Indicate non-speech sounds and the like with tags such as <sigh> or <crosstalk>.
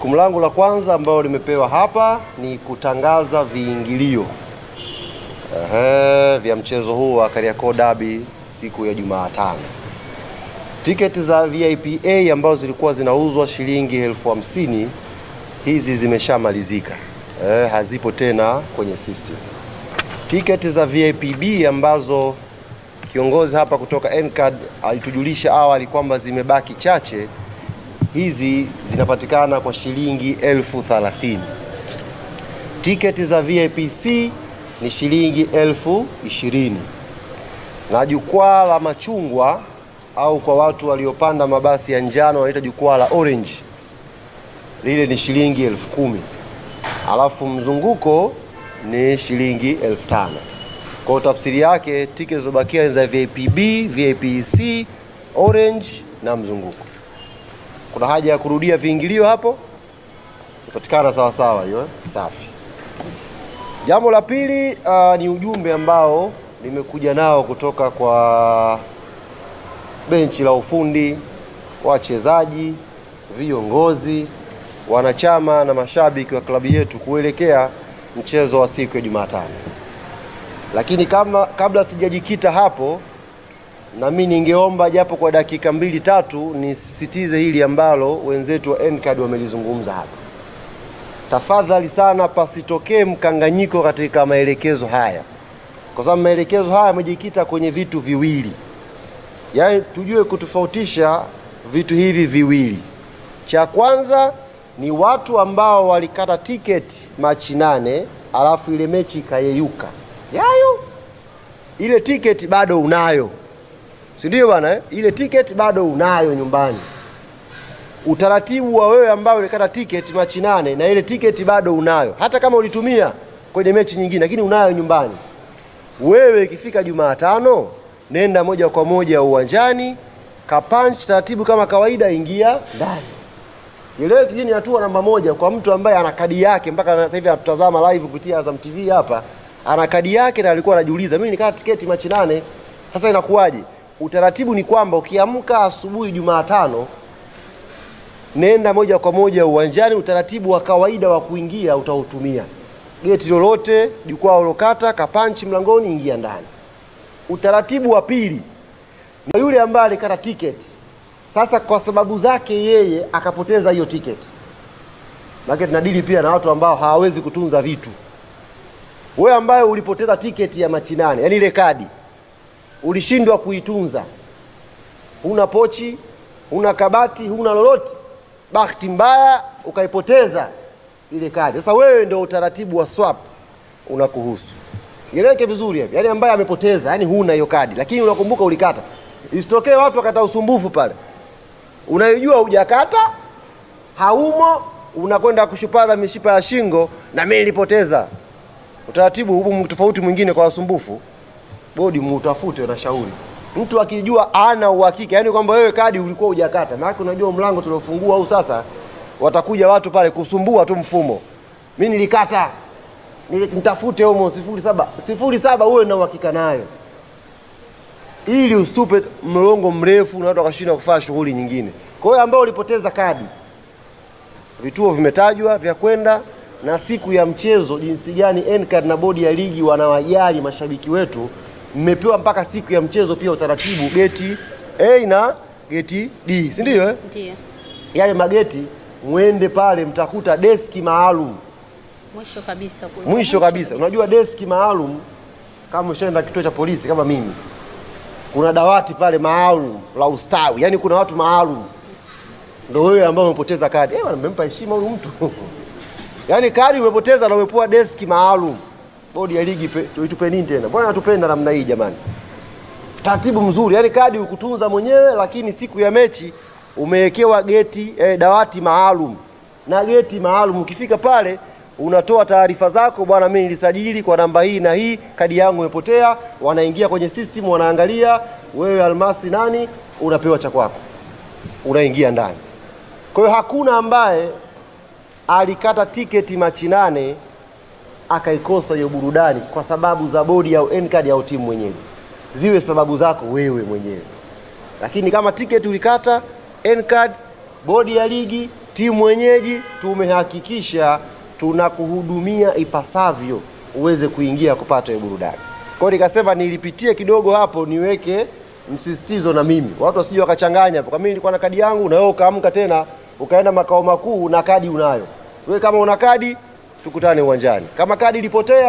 Jukumu langu la kwanza ambayo limepewa hapa ni kutangaza viingilio ehe, vya mchezo huu wa Kariakoo Derby siku ya Jumatano. Tiketi za VIP A ambazo zilikuwa zinauzwa shilingi elfu hamsini hizi zimeshamalizika, eh, hazipo tena kwenye system. Tiketi za VIP B ambazo kiongozi hapa kutoka Ncard alitujulisha awali kwamba zimebaki chache hizi zinapatikana kwa shilingi elfu thalathini. Tiketi za vipc ni shilingi elfu ishirini na jukwaa la machungwa au kwa watu waliopanda mabasi ya njano wanaita jukwaa la orange, lile ni shilingi elfu kumi. Alafu mzunguko ni shilingi elfu tano. Kwa tafsiri yake tiketi zilizobakia ni za VIPB, VIPC, orange na mzunguko. Kuna haja ya kurudia viingilio hapo? patikana sawa sawa hiyo, eh? safi. Jambo la pili uh, ni ujumbe ambao nimekuja nao kutoka kwa benchi la ufundi, wachezaji, viongozi, wanachama na mashabiki wa klabu yetu kuelekea mchezo wa siku ya Jumatano. Lakini kama kabla sijajikita hapo na mimi ningeomba japo kwa dakika mbili tatu nisisitize hili ambalo wenzetu wa NCAD wamelizungumza hapa. Tafadhali sana, pasitokee mkanganyiko katika maelekezo haya, kwa sababu maelekezo haya yamejikita kwenye vitu viwili, yaani tujue kutofautisha vitu hivi viwili. Cha kwanza ni watu ambao walikata tiketi Machi nane alafu ile mechi ikayeyuka, yayo ile tiketi bado unayo si ndio bwana eh? Ile tiketi bado unayo nyumbani. Utaratibu wa wewe ambao ulikata tiketi Machi nane na ile tiketi bado unayo, hata kama ulitumia kwenye mechi nyingine, lakini unayo nyumbani. Wewe ikifika Jumatano, nenda moja kwa moja uwanjani, kapanch taratibu kama kawaida, ingia ndani. Ile hii ni hatua namba moja kwa mtu ambaye ana kadi yake, mpaka sasa hivi anatutazama live kupitia Azam TV hapa, ana kadi yake na alikuwa anajiuliza, mimi nikata tiketi Machi nane, sasa inakuwaje? utaratibu ni kwamba ukiamka asubuhi Jumatano, nenda moja kwa moja uwanjani. Utaratibu wa kawaida wa kuingia utautumia geti lolote, jukwaa ulokata, kapanchi mlangoni, ingia ndani. Utaratibu wa pili ni yule ambaye alikata tiketi, sasa kwa sababu zake yeye akapoteza hiyo tiketi, maana tunadili pia na watu ambao hawawezi kutunza vitu. Wewe ambaye ulipoteza tiketi ya machinane, yani ile kadi ulishindwa kuitunza, huna pochi, huna kabati, huna lolote, bahati mbaya ukaipoteza ile kadi. Sasa wewe ndio utaratibu wa swap unakuhusu. Nieleweke vizuri hivi, yaani ambaye amepoteza, yaani huna hiyo kadi, lakini unakumbuka ulikata. Isitokee watu wakata usumbufu pale, unaijua hujakata, haumo, unakwenda kushupaza mishipa ya shingo, na mimi nilipoteza. Utaratibu huu tofauti mwingine kwa wasumbufu bodi mutafute unashauri mtu akijua ana uhakika, yani kwamba wewe kadi ulikuwa hujakata. Maana unajua mlango tuliofungua au sasa watakuja watu pale kusumbua tu mfumo. Mimi nilikata, nitafute homo sifuri saba sifuri saba, na uhakika nayo, ili usitupe mlongo mrefu na watu wakashinda kufanya shughuli nyingine. Kwa hiyo ambao ulipoteza kadi, vituo vimetajwa vya kwenda na siku ya mchezo, jinsi gani NCAD na bodi ya ligi wanawajali mashabiki wetu mmepewa mpaka siku ya mchezo pia utaratibu geti A na geti D, si ndio? Eh? Ndio. Yale mageti mwende pale, mtakuta deski maalum mwisho kabisa, mwisho mwisho kabisa. kabisa. Unajua deski maalum kama ushaenda kituo cha polisi kama mimi, kuna dawati pale maalum la ustawi, yaani kuna watu maalum ndio wewe ambao umepoteza kadi. Eh, mmempa heshima huyu mtu <laughs> yaani kadi umepoteza na umepewa deski maalum bodi ya ligi tuitupe nini tena? Mbona natupenda namna hii jamani? Taratibu mzuri, yani kadi ukutunza mwenyewe, lakini siku ya mechi umewekewa geti eh, dawati maalum na geti maalum. Ukifika pale unatoa taarifa zako, bwana, mimi nilisajili kwa namba hii na hii, kadi yangu imepotea. Wanaingia kwenye system, wanaangalia wewe Almasi nani, unapewa cha kwako, unaingia ndani. Kwa hiyo hakuna ambaye alikata tiketi machi nane akaikosa hiyo burudani kwa sababu za bodi au NCard au timu mwenyewe, ziwe sababu zako wewe mwenyewe. Lakini kama tiketi ulikata NCard, bodi ya ligi, timu mwenyeji, tumehakikisha tunakuhudumia ipasavyo uweze kuingia kupata hiyo burudani. Kwa hiyo nikasema nilipitie kidogo hapo niweke msisitizo na mimi, watu wasije wakachanganya hapo. Kama mimi nilikuwa na kadi yangu na wewe ukaamka tena ukaenda makao makuu na kadi unayo wewe, kama una kadi tukutane uwanjani. Kama kadi ilipotea